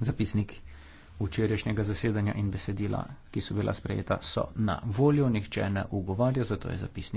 Zapisnik včerajšnjega zasedanja in besedila, ki so bila sprejeta, so na voljo, nihče ne ugovarja, zato je zapisnik.